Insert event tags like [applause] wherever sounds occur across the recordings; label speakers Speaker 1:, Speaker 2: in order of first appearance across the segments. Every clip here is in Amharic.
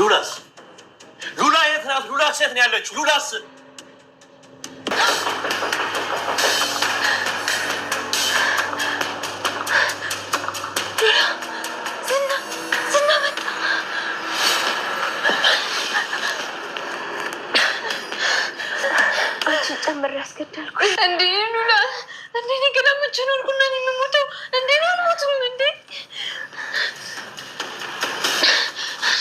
Speaker 1: ሉላስ ሉላ የት ናት? ሉላስ የት ነው ያለችው? ሉላስ
Speaker 2: ጨምር ያስገዳልኩ
Speaker 3: እንዴ ሉላ እንዴ ገዳመችን ሆንኩና የምሞተው እንዴ ነው አልሞትም እንዴ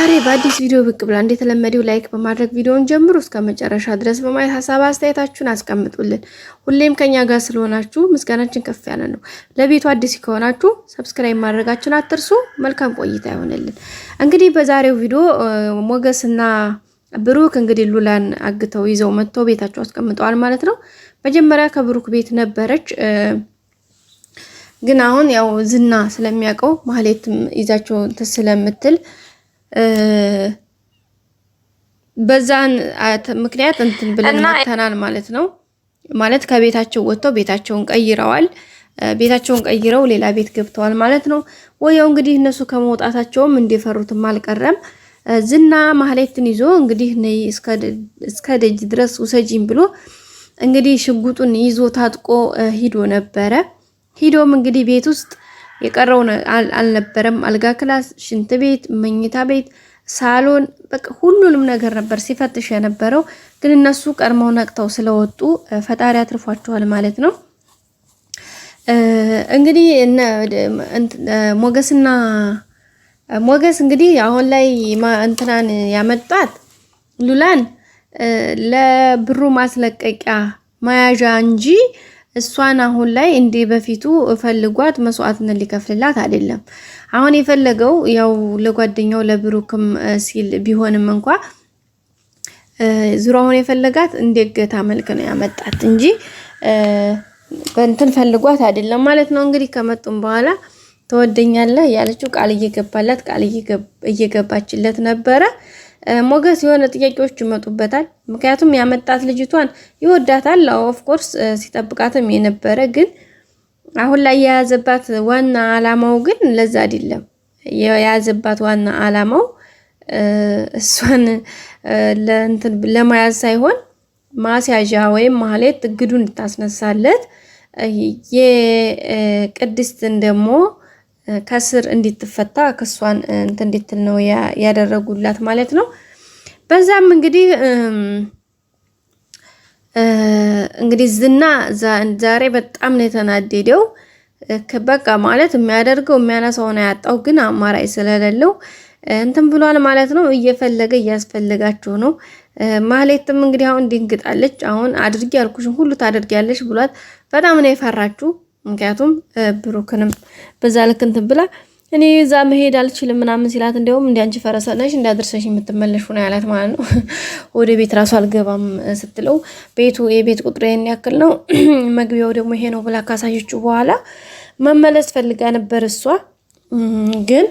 Speaker 4: ዛሬ በአዲስ ቪዲዮ ብቅ ብላ እንደተለመደው ላይክ በማድረግ ቪዲዮውን ጀምሩ እስከ መጨረሻ ድረስ በማየት ሀሳብ አስተያየታችሁን አስቀምጡልን። ሁሌም ከኛ ጋር ስለሆናችሁ ምስጋናችን ከፍ ያለ ነው። ለቤቱ አዲስ ከሆናችሁ ሰብስክራይብ ማድረጋችን አትርሱ። መልካም ቆይታ ይሆንልን። እንግዲህ በዛሬው ቪዲዮ ሞገስና ብሩክ እንግዲህ ሉላን አግተው ይዘው መጥተው ቤታቸው አስቀምጠዋል ማለት ነው። መጀመሪያ ከብሩክ ቤት ነበረች ግን አሁን ያው ዝና ስለሚያውቀው ማህሌትም ይዛቸው ስለምትል በዛን ምክንያት እንትን ብለን መተናል ማለት ነው። ማለት ከቤታቸው ወጥተው ቤታቸውን ቀይረዋል። ቤታቸውን ቀይረው ሌላ ቤት ገብተዋል ማለት ነው። ወያው እንግዲህ እነሱ ከመውጣታቸውም እንደፈሩትም አልቀረም። ዝና ማህሌትን ይዞ እንግዲህ ነይ እስከ ደጅ ድረስ ውሰጂኝ ብሎ እንግዲህ ሽጉጡን ይዞ ታጥቆ ሂዶ ነበረ። ሂዶም እንግዲህ ቤት ውስጥ የቀረው አልነበረም። አልጋ፣ ክላስ፣ ሽንት ቤት፣ መኝታ ቤት፣ ሳሎን በቃ ሁሉንም ነገር ነበር ሲፈትሽ የነበረው። ግን እነሱ ቀድመው ነቅተው ስለወጡ ፈጣሪ አትርፏቸዋል ማለት ነው። እንግዲህ ሞገስና ሞገስ እንግዲህ አሁን ላይ እንትናን ያመጣት ሉላን ለብሩ ማስለቀቂያ መያዣ እንጂ እሷን አሁን ላይ እንዴ በፊቱ ፈልጓት መስዋዕትነት ሊከፍልላት አይደለም። አሁን የፈለገው ያው ለጓደኛው ለብሩክም ሲል ቢሆንም እንኳ ዙሪያውን የፈለጋት እንደ እገታ መልክ ነው ያመጣት እንጂ በእንትን ፈልጓት አይደለም ማለት ነው። እንግዲህ ከመጡም በኋላ ተወደኛለህ ያለችው ቃል እየገባላት ቃል እየገባችለት ነበረ። ሞገስ የሆነ ጥያቄዎች ይመጡበታል። ምክንያቱም ያመጣት ልጅቷን ይወዳታል። ኦፍ ኮርስ ሲጠብቃትም የነበረ ግን አሁን ላይ የያዘባት ዋና አላማው ግን ለዛ አይደለም። የያዘባት ዋና አላማው እሷን ለእንትን ለመያዝ ሳይሆን ማስያዣ ወይም ማህሌት እግዱን እንድታስነሳለት የቅድስትን ደግሞ ከስር እንድትፈታ ክሷን እንትን እንድትል ነው ያደረጉላት ማለት ነው። በዛም እንግዲህ እንግዲህ ዝና ዛሬ በጣም ነው የተናደደው። በቃ ማለት የሚያደርገው ነው ያጣው ግን አማራጭ ስለሌለው እንትን ብሏል ማለት ነው። እየፈለገ እያስፈለጋችሁ ነው። ማህሌትም እንግዲህ አሁን ድንግጣለች። አሁን አድርጊ ያልኩሽን ሁሉ ታደርጊያለሽ ብሏት በጣም ነው የፈራችሁ። ምክንያቱም ብሩክንም በዛ ልክ እንትን ብላ እኔ እዛ መሄድ አልችልም ምናምን ሲላት፣ እንዲያውም እንዲያንቺ ፈረሰነሽ እንዲያደርሰሽ የምትመለሹ ነው ያላት ማለት ነው። [laughs] ወደ ቤት ራሱ አልገባም ስትለው ቤቱ የቤት ቁጥር ይህን ያክል ነው፣ [clears throat] መግቢያው ደግሞ ይሄ ነው ብላ ካሳየችው በኋላ መመለስ ፈልጋ ነበር እሷ ግን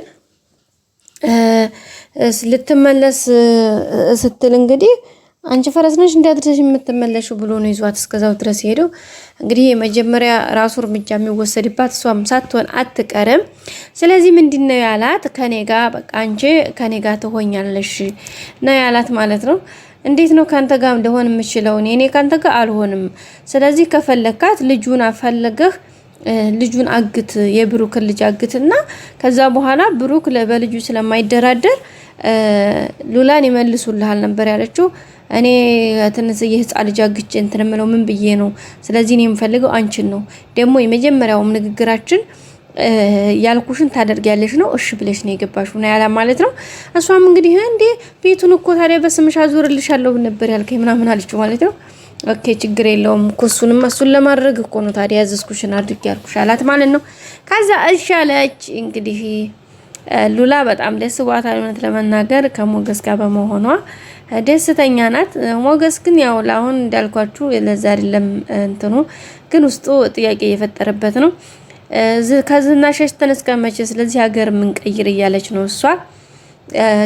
Speaker 4: ልትመለስ ስትል እንግዲህ አንቺ ፈረስ ነሽ እንዳትደሽ የምትመለሹ ብሎ ነው ይዟት እስከዛው ድረስ ሄደው። እንግዲህ የመጀመሪያ ራሱ እርምጃ የሚወሰድባት እሷም ሳትሆን አትቀርም። ስለዚህ ምንድን ነው ያላት? ከኔ ጋ በቃ አንቺ ከኔ ጋ ትሆኛለሽ ነው ያላት ማለት ነው። እንዴት ነው ካንተ ጋር እንደሆን የምችለው እኔ ካንተ ጋር አልሆንም። ስለዚህ ከፈለካት ልጁን አፈለገህ ልጁን አግት፣ የብሩክን ልጅ አግትና ከዛ በኋላ ብሩክ በልጁ ስለማይደራደር ሉላን ይመልሱልሃል ነበር ያለችው። እኔ ትንስ የህፃ ልጅ አግቼ እንትን የምለው ምን ብዬ ነው? ስለዚህ እኔ የምፈልገው አንቺን ነው። ደግሞ የመጀመሪያውም ንግግራችን ያልኩሽን ታደርጊያለሽ ነው። እሺ ብለሽ ነው የገባሽ ና ያላ ማለት ነው። እሷም እንግዲህ እንዴ ቤቱን እኮ ታዲያ በስምሽ አዞርልሻለሁ ነበር ያልከኝ ምናምን አለችው ማለት ነው። ኦኬ ችግር የለውም ኩሱንም እሱን ለማድረግ እኮ ነው ታዲያ ያዘዝኩሽን አድርጊ ያልኩሽ አላት ማለት ነው። ከዛ እሺ አለች እንግዲህ ሉላ በጣም ደስ ቧታል። እውነት ለመናገር ከሞገስ ጋር በመሆኗ ደስተኛ ናት። ሞገስ ግን ያው ለአሁን እንዳልኳችሁ ለዛ አይደለም እንትኑ ግን ውስጡ ጥያቄ እየፈጠረበት ነው። ከዝና ሸሽተን እስከ መቼ ስለዚህ ሀገር የምንቀይር እያለች ነው እሷ።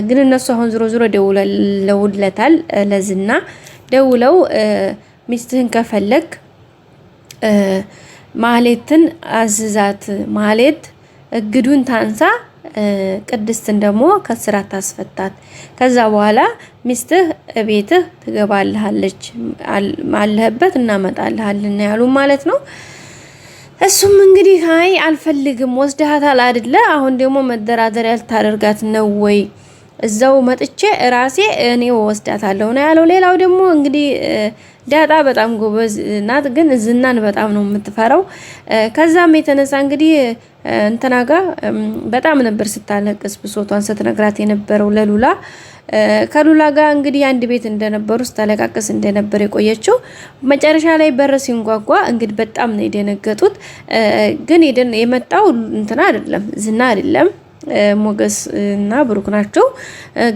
Speaker 4: ግን እነሱ አሁን ዞሮ ዞሮ ደውለውለታል ለዝና ደውለው ሚስትህን ከፈለግ ማህሌትን አዝዛት ማህሌት እግዱን ታንሳ ቅድስትን ደግሞ ከስራ ታስፈታት። ከዛ በኋላ ሚስትህ ቤትህ ትገባልሃለች፣ አለህበት እናመጣልሃልን ያሉ ማለት ነው። እሱም እንግዲህ አይ አልፈልግም፣ ወስደሃታል አይደለ? አሁን ደግሞ መደራደሪያ ልታደርጋት ነው ወይ? እዛው መጥቼ ራሴ እኔ ወስዳታለሁ ነው ያለው። ሌላው ደግሞ እንግዲህ ዳጣ በጣም ጎበዝ ናት፣ ግን ዝናን በጣም ነው የምትፈራው። ከዛም የተነሳ እንግዲህ እንትና ጋ በጣም ነበር ስታለቅስ ብሶቷን ስትነግራት የነበረው ለሉላ። ከሉላ ጋር እንግዲህ አንድ ቤት እንደነበሩ ስታለቃቅስ እንደነበር የቆየችው መጨረሻ ላይ በር ሲንጓጓ እንግዲህ በጣም ነው የደነገጡት። ግን የመጣው እንትና አይደለም ዝና አይደለም ሞገስ እና ብሩክ ናቸው።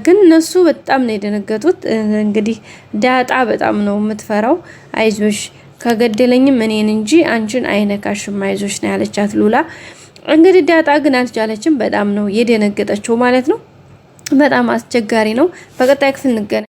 Speaker 4: ግን እነሱ በጣም ነው የደነገጡት። እንግዲህ ዳጣ በጣም ነው የምትፈራው። አይዞሽ ከገደለኝም እኔን እንጂ አንቺን አይነካሽም አይዞሽ ነው ያለቻት ሉላ እንግዲህ ዳጣ ግን አልቻለችም። በጣም ነው የደነገጠችው ማለት ነው። በጣም አስቸጋሪ ነው። በቀጣይ ክፍል እንገናኝ።